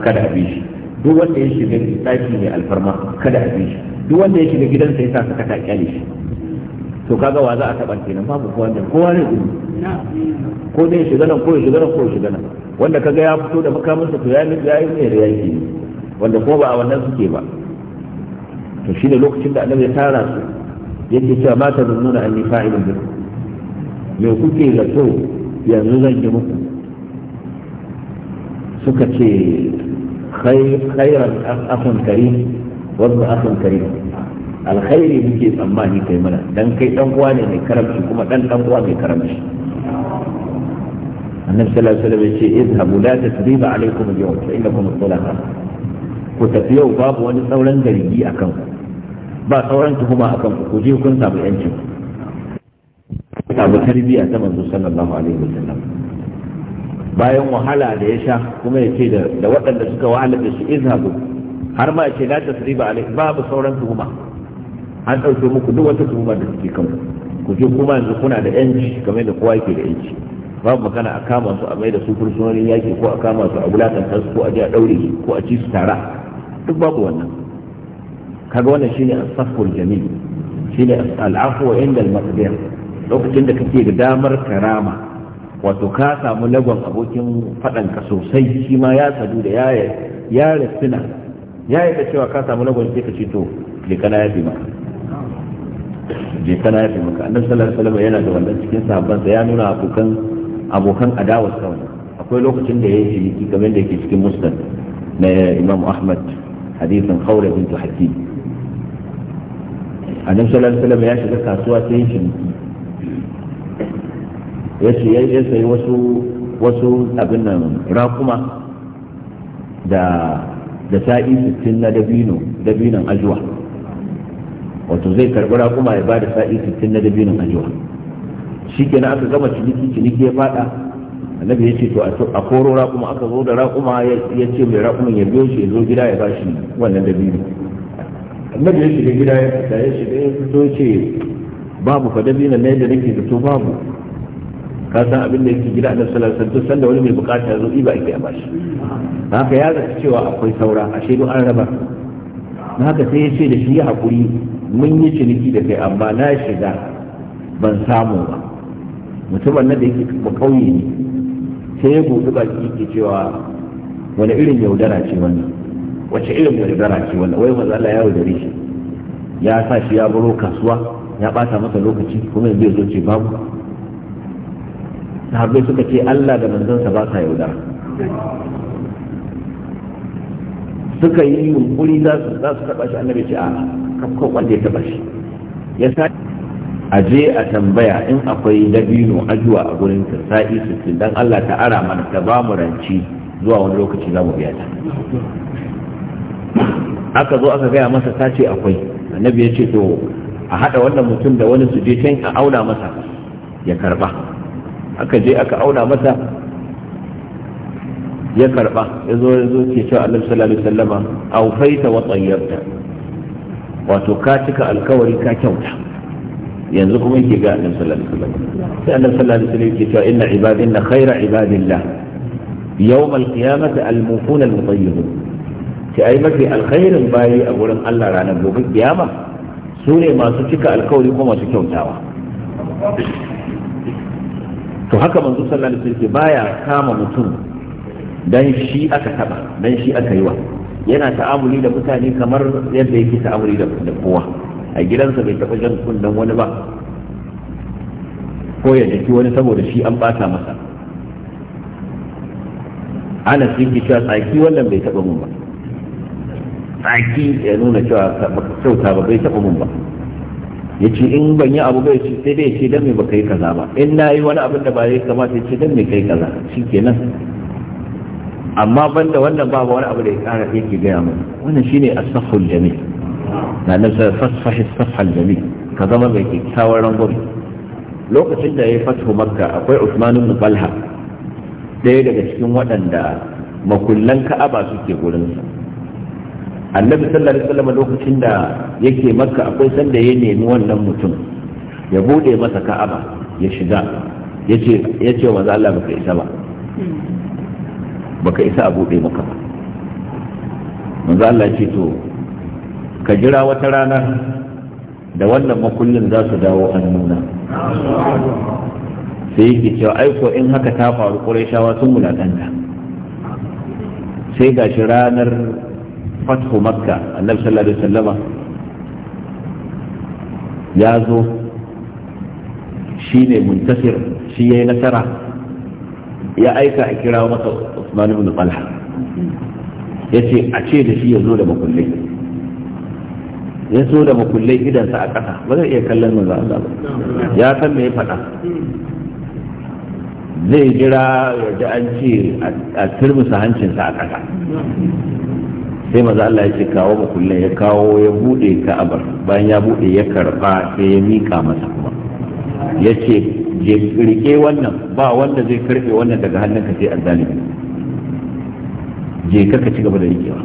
[SPEAKER 1] kada a bi shi duk wanda ya shiga ɗaki mai alfarma kada a bi shi duk wanda ya shiga gidansa ya sa ka kata kyale shi to kaga wa za a taɓa kenan babu kowa ko kowa ne ko dai shiga nan ko shiga nan ko shiga nan wanda kaga ya fito da makamansa to ya yi ya yi ne da wanda ko ba a wannan suke ba to shi da lokacin da annabi ya tara su yake cewa mata ta nuna an yi fa'ilin biyu me kuke zato so yanzu zan yi muku suka ce khairan akhun karim wasu akhun karim alkhairi muke tsammani kai mana dan kai dan uwa ne mai karamci kuma dan dan uwa mai karamci annabi sallallahu alaihi wasallam ya ce izhabu la tasriba alaikum al-yawm fa innakum at-tulaqa ku tafi yau babu wani sauran gargi a kanku ba sauran tuhuma a kan ku je kun samu yancin samu tarbiyya ta manzo sallallahu alaihi wasallam bayan wahala da ya sha kuma ya ce da waɗanda suka wahala da su izhabu har ma ya ce la tasriba alaihi babu sauran tuhuma an ɗauke muku duk wata tuhuma da suke kan ku je kuma yanzu kuna da yanci kamar da kowa yake da yanci babu magana a kama su a mai da su fursunonin yaki ko a kama su a bulatan su ko a je a ɗaure ko a ci su tara duk babu wannan kaga wannan shine as-safwul jamil shine al-afwu inda al-maqdir lokacin da kake da damar karama wato ka samu lagon abokin fadanka sosai shi ma ya sadu da yaya ya rasina ya yi cewa ka samu lagon sai ka ce to je kana yafi maka je kana fi maka annabi sallallahu alaihi wasallam yana da wannan cikin sahabban ya nuna abokan abokan adawar sa akwai lokacin da yayi shi kamar da yake cikin musnad na Imam Ahmad hadithin Khawla bint Hakim annabi sallallahu alaihi wasallam ya shiga kasuwa sai shi ya ce ya sayi wasu wasu abin nan rakuma da da sa'i 60 na dabino dabinon ajuwa wato zai karbi rakuma ya bada sa'i 60 na dabinon ajuwa shikenan aka gama ciniki ciniki ya fada annabi ya ce to a koro rakuma aka zo da rakuma ya ce mai rakuman ya biyo shi ya zo gida ya bashi wannan dabino annabi ya shiga gida ya fita ya shiga ya fito ce babu fadabi na ne da nake da babu ka san abin da yake gida annabi sallallahu alaihi wasallam sanda wani mai bukata ya zo iba ake a bashi haka ya zata cewa akwai saura ashe duk an raba haka sai ya ce da shi ya hakuri mun yi ciniki da kai amma na shiga ban samu ba mutumin nan da yake ba kauye ne sai ya gudu baki yake cewa wani irin yaudara ce wannan wace irin yaudara ce wannan wai manzo Allah ya yaudare shi ya sa shi ya baro kasuwa ya bata masa lokaci kuma yanzu zo ce babu sahabbai suka ce Allah da manzonsa ba sa yaudara suka yi yunkuri za su za su taba shi annabi ce a kafkon wanda ya taɓa shi ya sa a je a tambaya in akwai dabino ajuwa a gurin sa'i sittin dan Allah ta ara mana ta ba mu ranci zuwa wani lokaci za mu biya ta aka zo aka gaya masa ta ce akwai annabi ya ce to a haɗa wannan mutum da wani su je can a auna masa ya karba aka je aka auna masa ya karba ya zo ya zo ke cewa annabi sallallahu alaihi wasallama aufaita wa tsayyarta wato ka cika alkawari ka kyauta yanzu kuma yake ga annabi sallallahu alaihi wasallam sai annabi sallallahu alaihi wasallam yake cewa inna ibadin khayra ibadillah yawm al-qiyamati al-mufuna al-mutayyibun ki ai mafi alkhairin bayi a gurin Allah ranar gobe kiyama su ne masu cika alkawari ko masu kyautawa to haka manzo sallallahu alaihi wasallam baya kama mutum dan shi aka taba dan shi aka yi wa yana ta'amuli da mutane kamar yadda yake ta'amuli da kowa a gidansa bai taɓa jan kundan wani ba ko ya jaki wani saboda shi an bata masa ana sun ki tsaki wannan bai taɓa mun ba tsaki ya nuna cewa kyauta ba bai taɓa mun ba ya ce in ban yi abu bai ce sai dai ce dan me ba kai kaza ba in na yi wani abin da ba zai kamata ya ce dan me kai kaza shi kenan amma banda wannan babu wani abu da ya kara yake gaya mun wannan ne a safhul jami na nasa fasfahi as-safhal ka zama mai kyakkyawan rangon lokacin da ya yi fathu makka akwai usman ibn talha ɗaya daga cikin waɗanda makullan ka'aba suke gurinsa annabi sallallahu alaihi wasallam lokacin da yake makka akwai sanda ya nemi wannan mutum ya bude masa ka'aba ya shiga yace yace wa Allah baka isa ba baka isa a bude maka ba manzo Allah ce to ka jira wata rana da wannan makullin za su dawo annuna nuna sai yake cewa aiko in haka ta faru ƙurashawa sun wulaƙanta sai gashi ranar fathu makka annabi sallallahu alaihi wasallama ya zo shi ne muntasir shi ya yi nasara ya aika a kira masa usman ibn ya ce a ce da shi ya zo da makullai ya zo da makullai idansa a ƙasa ba zai iya kallon ya san me faɗa zai jira da an ce a turmusa hancinsa a ƙasa sai maza Allah ya ce kawo kulle ya kawo ya bude ka'abar bayan ya bude ya karba sai ya mika masa kuma ya ce wannan ba wanda zai karfe wannan daga hannunka sai azzalimi je ka ci gaba da rikewa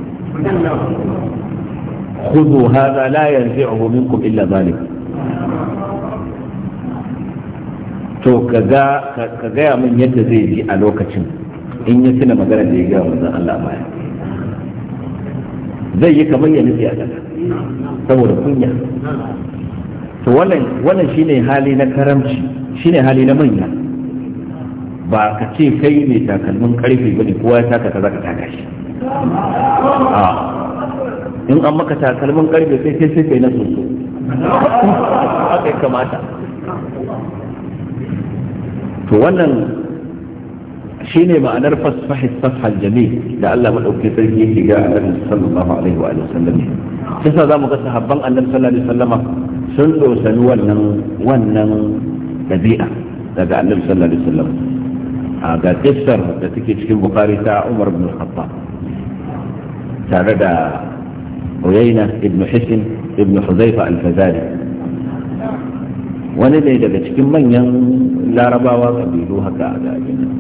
[SPEAKER 1] khudhu hadha la ينزعه minkum illa ذلك to ka gaya min yadda zai ji a lokacin in ya tuna magana da ya gaya wannan Allah baya zai yi kamar ya nufi a
[SPEAKER 2] saboda kunya
[SPEAKER 1] to wannan shi ne hali na karamci shi ne hali na manya ba ka ce kai mai takalmin karfe ba ne kowa ya taka ka zaka taka shi
[SPEAKER 2] ah.
[SPEAKER 1] in an maka takalmin karfe sai sai sai kai na soso haka ya kamata to wannan shine ma'anar fasfahi safhal jami da Allah madaukakin sarki yake ga Annabi sallallahu alaihi wa sallam kisa zamu ga sahabban Annabi sallallahu alaihi wasallama sun dosani wannan wannan dabi'a daga Annabi sallallahu alaihi wasallam a ga kissar da take cikin bukari ta Umar bin Khattab tare da Uyayna ibn Hisn ibn Huzaifa al-Fazari wani ne daga cikin manyan larabawa kabilu haka a gajina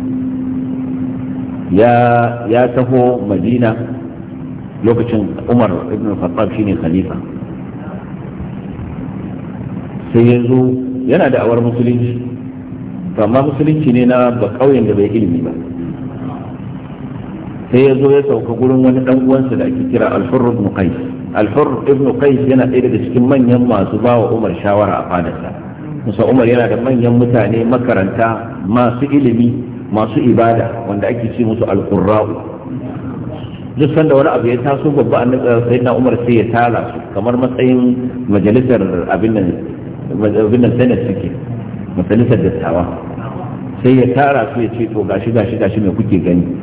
[SPEAKER 1] ya taho madina lokacin umar ibn khattab shine khalifa sai ya zo yana da awar musulunci amma musulunci ne na ba kauyen da bai ilimi ba sai ya zo ya sauka gurin wani dan uwansa da ake kira al-hurr ibn qais al-hurr ibn qais yana ɗaya daga cikin manyan masu bawa umar shawara a fadarsa musa umar yana da manyan mutane makaranta masu ilimi masu ibada wanda ake ce musu alqurra'u duk sanda wani abu ya taso babba eh, sai na Umar sai ya tara su kamar matsayin majalisar abin nan suke majalisar dattawa sai ya tara su ya ce to gashi gashi gashi mai kuke gani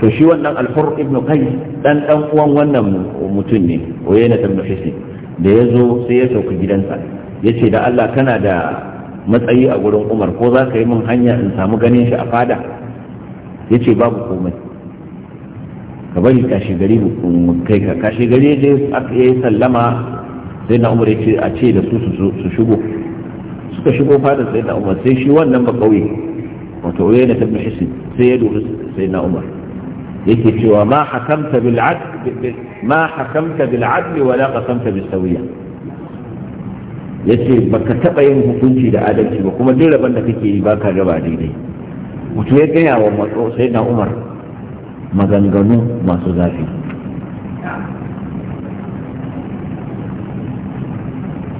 [SPEAKER 1] to shi wannan alhur ibn kai dan dan uwan wannan mutum ne oyena ibn hisni da ya zo sai ya sauka gidansa ya ce da Allah kana da matsayi a gurin umar ko za ka yi min hanya in samu ganin shi a fada ya ce babu komai ka bari kashi gari mu kai ka kashi gari je aka yi sallama sai na umar ce a ce da su su shigo suka shigo fadar sai na umar sai shi wannan ba kauye wato wai na tabbin isi sai ya dubi sai na umar yake cewa ma hakamta bil adl ma hakamta bil adl wala qasamta bis sawiyya yace baka taɓa yin hukunci da adalci ba kuma duk rabon da kake yi ba baka raba daidai mutum ya gaya wa matso sai na umar maganganu masu zafi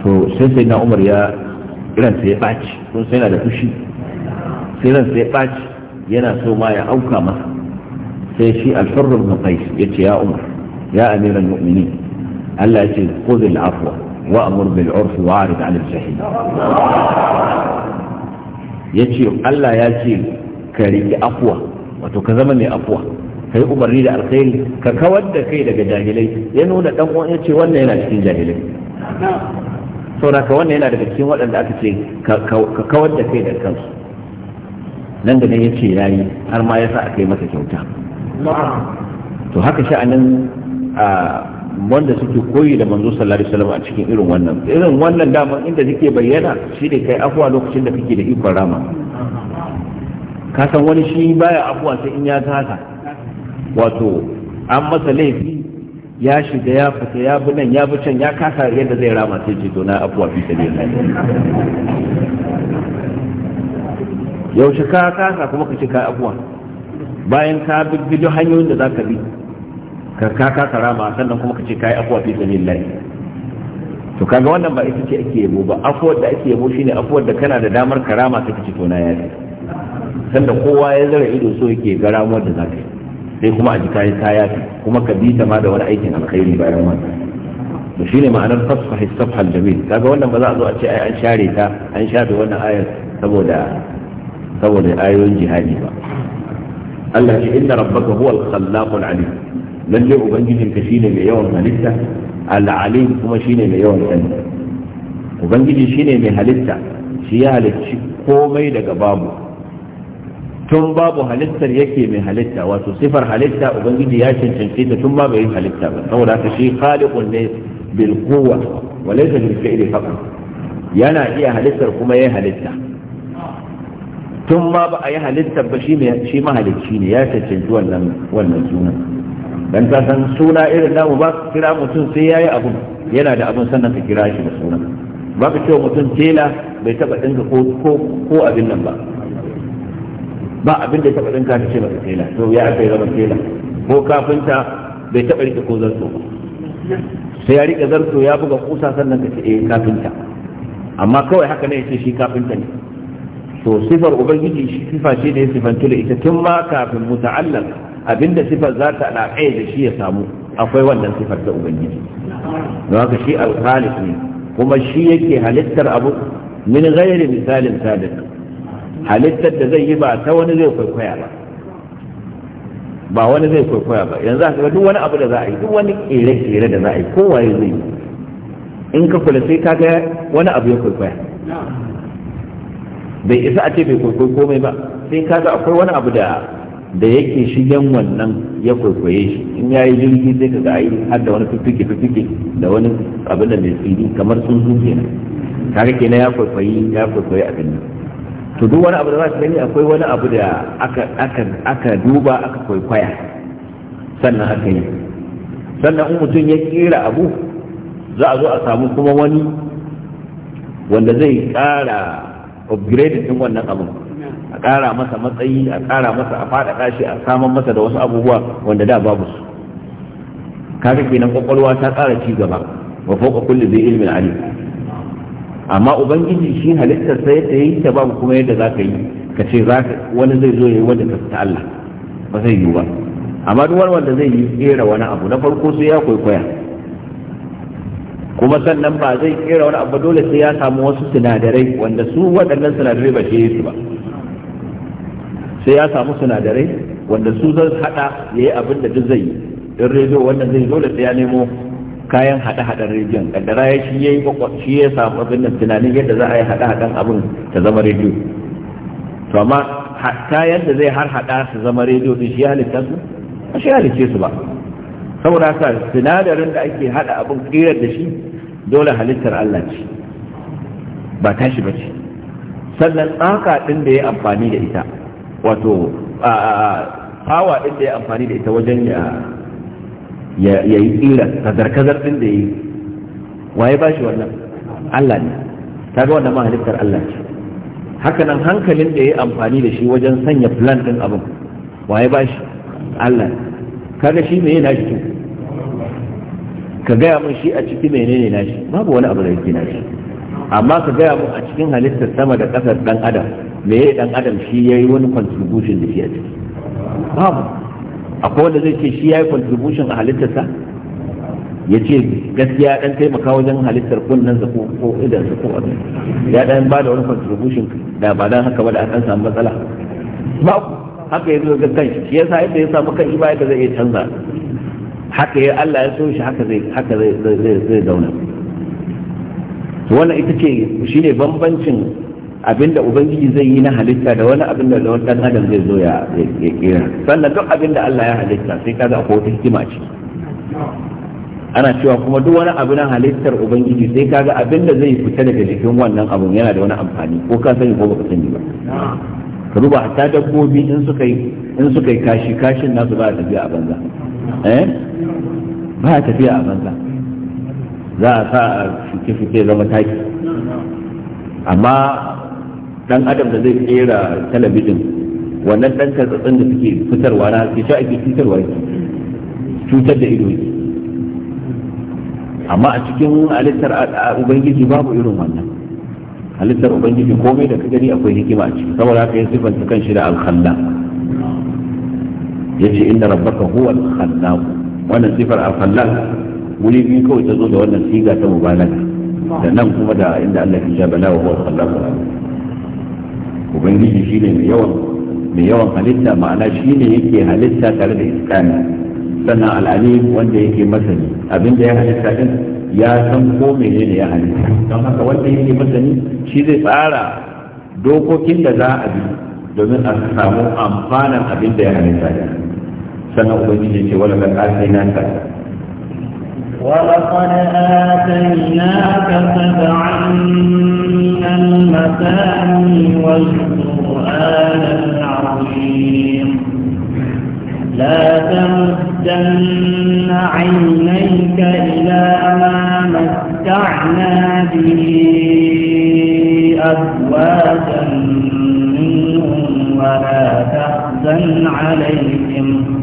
[SPEAKER 1] to sai sai na umar ya sai ya ɓaci ko sai na da fushi sai sai ya ɓaci yana so ma ya auka masa sai shi alfarrar na ya ce ya umar ya amiran mu'mini Allah ya ce khudh al-afwa وأمر بالعرف وأعرض عن الجحيم yace Allah ya ce ka riƙi afuwa wato ka zama mai afuwa ka yi umarni da alkhairi ka kawar da kai daga jahilai ya nuna dan uwan ya ce wannan yana cikin jahilai saboda ka wannan yana daga cikin waɗanda aka ce ka kawar da kai da kansu nan da nan ya ce yayi har ma ya sa a kai masa kyauta to haka sha'anin wanda suke koyi da manzo sallallahu alaihi wasallam a cikin irin wannan irin wannan daman inda suke bayyana shi ne kai afuwa lokacin da kake da ikon rama ka san wani shi baya afuwa sai in ya kasa wato an masa laifi ya shiga ya fita ya bi nan ya bi can ya kasa yadda zai rama sai ce to na afuwa fi sabilillah yaushe ka kasa kuma ka ce ka afuwa bayan ka bi hanyoyin da za ka bi karka ka karama sannan kuma ka ce kai afuwa fi lai to kaga wannan ba ita ce ake yabo ba afuwar da ake yabo shine afuwar da kana da damar karama ta kici tona ya yafi sanda kowa ya zara ido so yake ga ramuwar da zafi, sai kuma a kaya ta kuma ka bi ta ma da wani aikin alkhairi bayan wannan to shine ma'anar fasfa as-safha jamil kaga wannan ba za a zo a ce ai an share ta an shafe wannan ayar saboda saboda ayoyin jihadi ba Allah ya inna rabbaka huwal khallaqul alim lalle ubangijinka shine mai yawan halitta al'alim kuma shine mai yawan sani ubangiji shine mai halitta shi ya halicci komai daga babu tun babu halittar yake mai halitta wato sifar halitta ubangiji ya cancanci ta tun babu yin halitta ba saboda haka shi khaliqun ne bil quwwa wa laysa bil fi'li faqat yana iya halittar kuma yayi halitta tun ma ba a yi halittar ba shi ma halicci ne ya cancanci wannan wannan sunan dan ta san suna irin namu ba ka kira mutum sai ya yi abu yana da abun sannan ka kira shi da suna ba ka cewa mutum tela bai taba dinka ko ko abin nan ba ba abin da ya taba dinka ka ce ba tela to ya aka yi zama tela ko kafinta bai taba rike ko zarto ba sai ya rike zarto ya buga kusa sannan ka ce eh kafinta amma kawai haka ne ya ce shi kafinta ne to sifar ubangiji shi sifa ce da ya sifantu da ita tun ma kafin muta'allaq abinda sifar za ta alaƙai da shi ya samu akwai wannan sifar ta ubangiji don haka shi alkhaliq ne kuma shi yake halittar abu min ghairi misalin sadiq halittar da zai yi ba ta wani zai kwaikwaya ba ba wani zai kwaikwaya ba yanzu haka duk wani abu da za a yi duk wani kere-kere da za a yi kowaye zai yi in ka kula sai ka ga wani abu ya kwaikwaya bai isa a ce bai kwaikwayo komai ba sai ka ga akwai wani abu da da yake shigen wannan ya kwaikwaye shi in ya yi jirgi sai ka ga har da wani fifike fifike da wani abin da mai tsiri kamar sun zuke na kare ke na ya kwaikwaye ya kwaikwaye a ganin to duk wani abu da za su gani akwai wani abu da aka aka duba aka kwaikwaya sannan aka yi sannan in mutum ya kera abu za a zo a samu kuma wani wanda zai kara upgrade din wannan abin a ƙara masa matsayi a ƙara masa a faɗa ƙashi a saman masa da wasu abubuwa wanda da babu su kaga kenan kwakwalwa ta ƙara ci gaba wa fauka kulli zai ilmin ali amma ubangiji shi halittar sai yadda yi ta babu kuma yadda za ka yi ka ce wani zai zo ya yi wanda ka ta Allah ba zai yi ba amma duk wani wanda zai yi kera wani abu na farko sai ya kwaikwaya kuma sannan ba zai kera wani abu dole sai ya samu wasu sinadarai wanda su waɗannan sinadarai ba shi su ba sai ya samu sinadarai wanda su zan hada ya yi abin da duk zai yi in rediyo wannan zai zo da ya nemo kayan hada hadar rediyon kaddara ya shi ya yi shi ya samu abin da tunanin yadda za a yi hada hadan abin ta zama rediyo to amma kayan da zai har hada su zama rediyo din shi ya halitta su a shi halitta su ba saboda sa sinadarin da ake hada abin kirar da shi dole halittar Allah ce ba tashi ba ce sannan tsaka din da ya amfani da ita wato a hawa ɗin da ya amfani da ita wajen ya yi tsira kazar zarkazar ɗin da ya yi waye ba shi wannan Allah ne ta ga wannan mahalittar Allah ce haka nan hankalin da ya yi amfani da shi wajen sanya plan ɗin abin waye ba shi Allah ne kaga shi me yana shi ka gaya mun shi a ciki menene nashi babu wani abu da yake nashi amma ka gaya mun a cikin halittar sama da ƙasar dan adam me ya dan adam shi ya yi wani contribution da shi a ciki babu akwai wanda zai ce shi ya yi contribution a halittarsa ya ce gaskiya dan taimaka wajen halittar kunnan sa ko idan sa ko wani ya dan ba da wani contribution da ba dan haka ba da an samu matsala babu haka ya zo ga kanshi shi yasa yadda ya samu kan ba zai iya canza haka ya Allah ya so shi haka zai haka zai zai zauna wannan ita ce shine bambancin abinda ubangiji zai yi na halitta da wani abin da wani dan adam zai zo ya kera sannan duk abin da Allah ya halitta sai kaga akwai hikima ce ana cewa kuma duk wani abu na halittar ubangiji sai kaga da zai fita daga jikin wannan abun yana da wani amfani ko ka sani ko ba ka sani ba ka duba hatta dabbobi in suka yi in suka yi kashi kashin nasu ba tafiya a banza eh ba tafiya a banza za a sa a fike-fike zama taki amma dan adam da zai kera talabijin wannan dan katsatsin da suke fitarwa na haske shi ake cutarwa yake cutar da ido amma a cikin halittar ubangiji babu irin wannan halittar ubangiji komai da ka gani akwai hikima a ciki saboda haka ya sifanta kan shi da alkhalla yace inna rabbaka huwa al-khallaq wannan sifar al-khallaq wuri biyu kawai ta zo da wannan siga ta mubalaga da nan kuma da inda Allah ke ya bala wa huwa al-khallaq ubangiji shi ne mai yawan halitta ma'ana shi ne yake halitta tare da iskani sannan al'alim wanda yake masani abin da ya halitta din ya san ko menene ya halitta don haka wanda yake masani shi zai tsara dokokin da za a bi domin a samu amfanin abin da ya halitta din sannan ubangiji ce wala ga na ta
[SPEAKER 3] ولقد آتيناك سبعا المثاني والقرآن العظيم لا تمدن عينيك إلى ما متعنا به أزواجا منهم ولا تحزن عليهم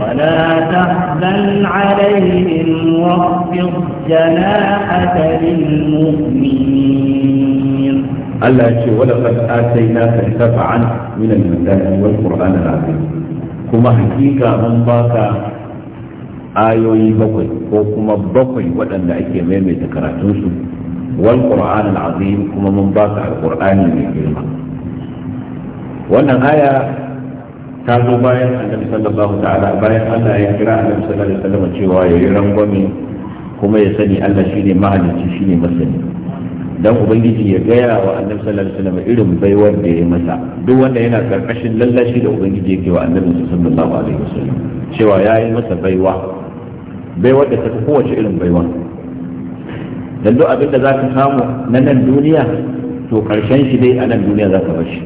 [SPEAKER 3] ولا تحزن عليهم واخفض جناحك للمؤمنين
[SPEAKER 1] الله يشي ولقد آتيناك سبعا من المثاني والقرآن العظيم كما حقيقة من باك آيوي بقي وكما بقي وأن أكي ميمي تكراتنسو والقرآن العظيم كما من باك القرآن من الكلمة وأن آية ta zo bayan annabi sallallahu ta'ala bayan Allah ya kira annabi sallallahu alaihi wasallam cewa ya yi rangwame kuma ya sani Allah shine mahalicci shine masani dan ubangiji ya gaya wa annabi sallallahu alaihi wasallam irin baiwar da ya masa duk wanda yana karkashin lallashi da ubangiji yake wa annabi sallallahu alaihi wasallam cewa ya yi masa baiwa baiwar da ta fi kowace irin baiwa dan duk abin da ka samu na nan duniya to karshen shi dai a nan duniya za ka bar shi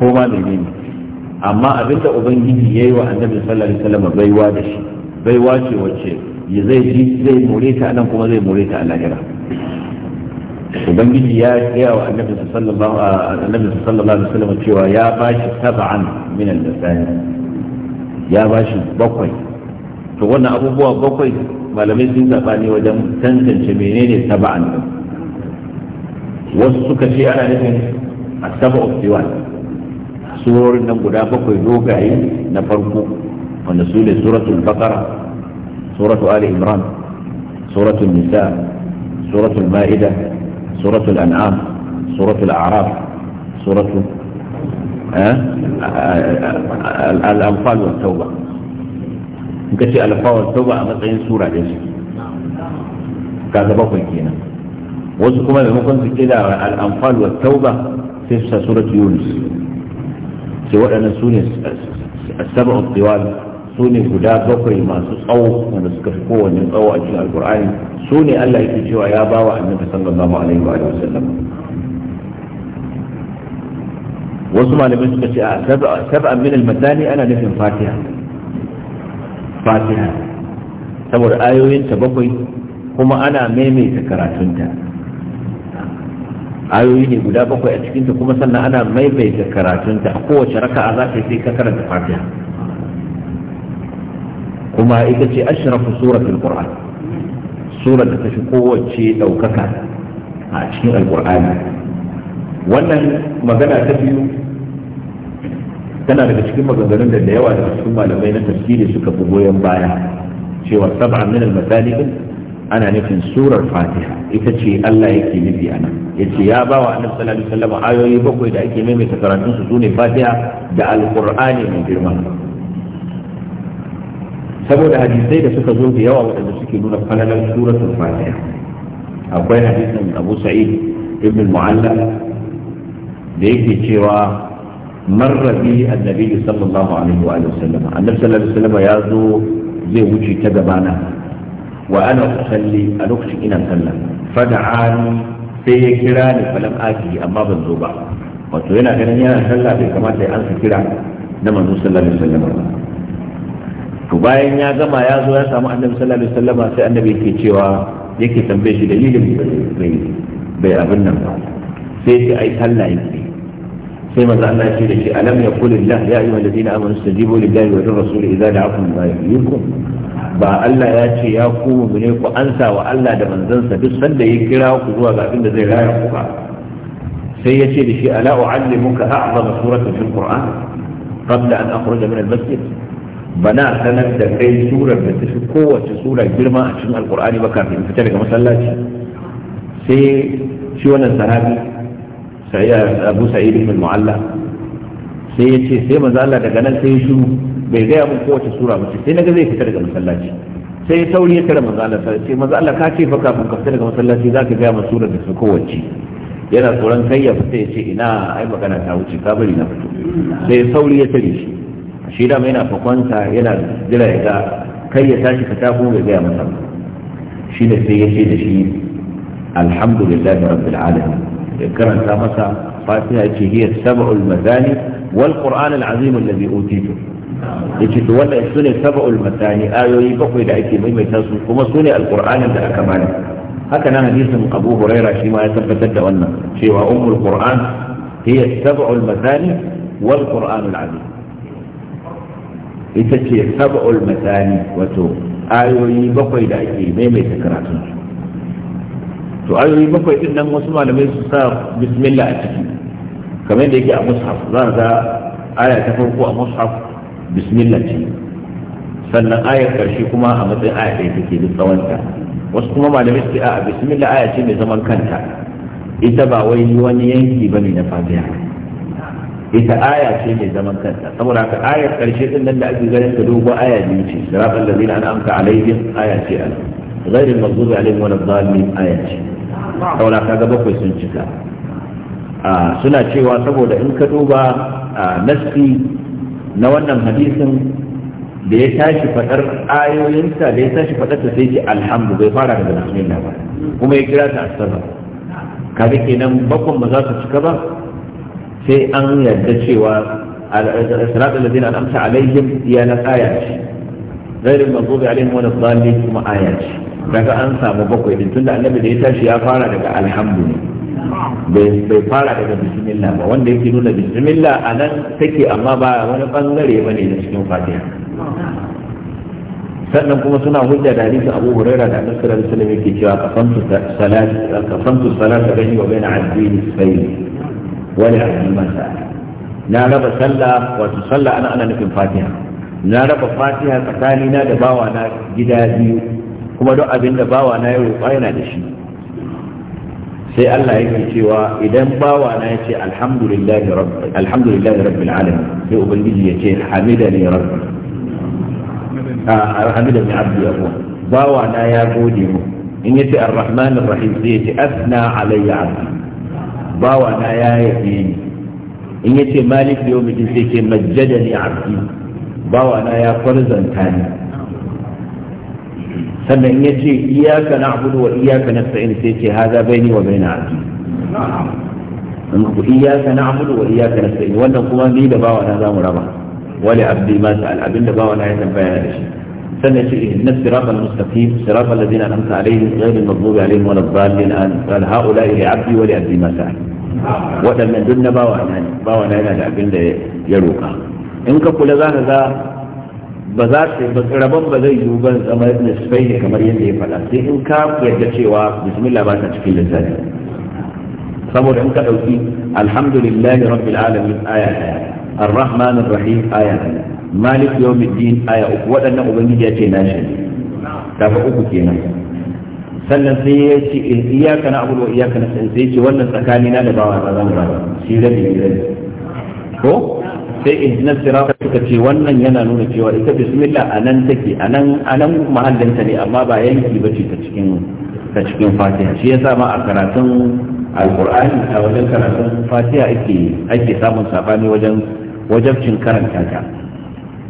[SPEAKER 1] ko ba ma ne. amma abinda ubangiji ya yi wa annabi sallallahu alaihi wasallam baiwa da shi baiwa ce wacce zai ji zai more ta nan kuma zai more ta a lahira ubangiji ya yi wa annabi sallallahu alaihi wasallam cewa ya bashi taba'an min al-masail ya bashi bakwai to wannan abubuwa bakwai malamai sun zaba ne wajen tantance menene taba'an wasu suka ce ana nufin asaba of the diwan surorin nan guda bakwai dogaye na farko wanda su ne suratul bakara suratul ali imran suratul nisa suratul ma'ida suratul an'am suratul a'raf suratul al-anfal wa tauba in kace ce alfa wa tauba a matsayin sura ɗin su kaga bakwai kenan wasu kuma da maimakon su kila al-anfal wa tauba sai su sa suratul yunus ce waɗannan su ne saba ustiwal su ne guda bakwai masu tsawo wanda suka fi kowanne tsawo a cikin alkur'ani su ne allah yake cewa ya ba wa annabi sallallahu alaihi wa sallam wasu malamai suka ce a sab'an min al ana nufin fatiha fatiha saboda ayoyinta bakwai kuma ana maimaita karatunta ayoyi ne guda bakwai a cikinta kuma sannan ana maimaita karatunta kowace raka za ta yi sai ka karanta fatiha kuma ita ce ashrafu suratul qur'an sura da ta fi kowace daukaka a cikin alqur'ani wannan magana ta biyu tana daga cikin maganganun da da yawa daga cikin malamai na tafsiri suka fi goyon baya cewa sab'a min al ana nufin surar fatiha ita ce Allah yake nufi a ya ce ya annabi sallallahu alaihi wasallam ayoyi bakwai da ake maimaita karatun su sune fatiha da alqur'ani mai girma saboda hadisai da suka zo da yawa waɗanda suke nuna falalar suratul fatiha akwai hadisin abu sa'id ibn mu'alla da yake cewa marra bi annabi sallallahu alaihi wa sallam annabi sallallahu alaihi ya zo zai wuce ta gabana wa ana usalli a lokacin ina sallah fada'ani sai ya kira ni falam aji amma ban zo ba wato yana ganin yana sallah bai kamata ya ansa kira na manzo sallallahu alaihi wasallam to bayan ya gama ya zo ya samu annabi sallallahu alaihi wasallam sai annabi yake cewa yake tambaye shi dalilin bai bai abin nan ba sai ce ai sallah yake sai manzo Allah ya ce da shi alam yaqulillah ya ayyuhal ladina amanu istajibu lillahi wa lir rasul idza da'akum ma yuhyikum ba Allah ya ce ya ku mu ne ku ansa wa Allah da manzansa duk sanda ya kira ku zuwa ga abin da zai raya ku ba sai ya ce da shi ala u'allimuka a'zama suratin fil qur'an qabla an akhruja min al-masjid bana sanar da kai surar da tafi kowace sura girma a cikin alkur'ani ba kafin fita daga masallaci sai shi wannan sahabi sai abu sa'id ibn mu'alla sai ya ce sai manzo Allah daga nan sai ya shiru bai gaya mun kowace sura ba sai naga zai fita daga masallaci sai sauri ya tare manzo Allah sai manzo Allah ka ce fa kafin ka fita daga masallaci zaka gaya mun sura da su kowace yana tsoron kai ya fita ya ce ina ai magana ta wuce ka bari na fito sai sauri ya tare shi shi da mai yana fakonta yana jira ya ga kai ya tashi ka ko bai gaya masa shi da sai ya ce da shi alhamdulillahi rabbil alamin ya karanta masa fatiha ce hiya sab'ul mazani wal qur'an al azim alladhi utitu yace to wannan sune sab'ul matani ayoyi bakwai da ake maimaita su kuma sune alqur'anin da aka bani haka nan hadisin Abu Huraira shi ma ya tabbatar da wannan cewa ummul qur'an hiya sab'ul matani wal qur'anul azim ita ce sab'ul matani wato ayoyi bakwai da ake maimaita karatun to ayoyi bakwai din nan wasu malamai su sa bismillah a ciki kamar da yake a mushaf za a aya ta farko a mushaf bismillah ce sannan ayar karshe kuma a matsayin aya ɗaya take duk tsawonta wasu kuma malamai suke a bismillah aya ce mai zaman kanta ita ba wai ni wani yanki ba ne na fatiha ita aya ce mai zaman kanta saboda haka ayar karshe din nan da ake ganin ta dogo aya biyu ce siratal ladina an'amta alaihim aya ce al ghairil maghdubi alaihim walad dallin aya ce saboda ga bakwai sun cika ah, suna cewa saboda in ka duba ah, nassi na wannan hadisin da ya tashi faɗar ayoyinsa da ya tashi fadar sai ce alhamdu bai fara daga bismillah ba kuma ya kira ta asaba kaga kenan bakon ba za su cika ba sai an yarda cewa الصراط الذين أنعمت عليهم يا آيات غير المغضوب عليهم ولا الضالين kuma آيات daga an samu bakwai din tunda annabi da ya tashi ya fara daga alhamdu ne bai fara daga bismillah ba wanda yake nuna bismillah a nan take amma ba wani bangare ba ne da cikin fatiha sannan kuma suna hujja da hadisi abu huraira da annabi sallallahu alaihi wasallam yake cewa kafantu salat kafantu salat bayni wa bayna abdi sayyi wa la masa na raba sallah wato sallah ana ana nufin fatiha na raba fatiha tsakani na da bawa na gida biyu kuma duk abin da bawa na ya roƙa yana da shi sai Allah yake cewa idan bawa na yace alhamdulillahi rabbi alhamdulillahi rabbil alamin sai ubangiji yace hamidani rabbi a ah, hamidani abdi abu bawa na ya gode mu in yace arrahman arrahim sai yace asna alayya abdi bawa na ya yabe ni in yace malik yawmiddin sai yace majjadani abdi bawa na ya farzanta ni sannan ya ce iyaka na abudu wa iyaka na sa'in sai ce haza baini wa baina abdi ku iyaka na abudu wa iyaka na sa'in wannan kuma ni da bawa na zamu raba wali abdi ma sa'al abin da bawa na ya tambaya da shi sannan ce inna siratal mustaqim siratal ladina an'amta alaihim ghayril maghdubi alaihim waladdallin an qala haula'i li abdi wa li abdi ma sa'al waɗannan duk na bawa na ne bawa na yana da abin da ya roka in ka kula za ka ga ba za su rabon ba zai yiwu ban zama nisfai ne kamar yadda ya faɗa sai in ka yarda cewa bismillah ba ta cikin lissafi saboda in ka ɗauki alhamdulillahi rabbil alamin aya ɗaya arrahman arrahim aya ɗaya malik yawmiddin aya uku waɗannan ubangiji ya ce na shi daga uku kenan sannan sai ya ce iyaka na abu wa iyaka na sai ya ce wannan tsakanina da bawa ba zan ba shi rabi rabi ko sai ihdinas sirata suka ce wannan yana nuna cewa ita bismillah nan take a nan mahallinta ne amma ba yanki bace ta cikin ta cikin fatiha shi yasa ma a karatun alqur'ani a wajen karatun fatiha ake ake samun sabani wajen wajabcin karanta ta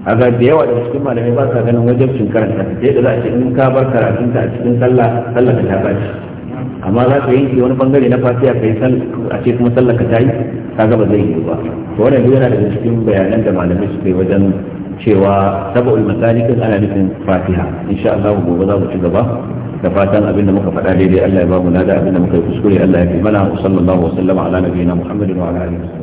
[SPEAKER 1] a ga da yawa da cikin malamai ba sa ganin wajabcin karanta ta sai da za a ce in ka bar karatunta a cikin sallah sallah ta bace amma za ka yanke wani bangare na fatiha kai a ce kuma sallar ka tayi kaga ba zai yi ba to wannan yana da cikin bayanan da malamai su ke wajen cewa sab'ul kan ana nufin fatiha insha Allah gobe za mu ci gaba da fatan abin da muka faɗa daidai Allah ya ba mu nada abin da muka yi kuskure Allah ya fi mana sallallahu sallallahu wa sallam ala nabiyina
[SPEAKER 2] Muhammadin wa ala alihi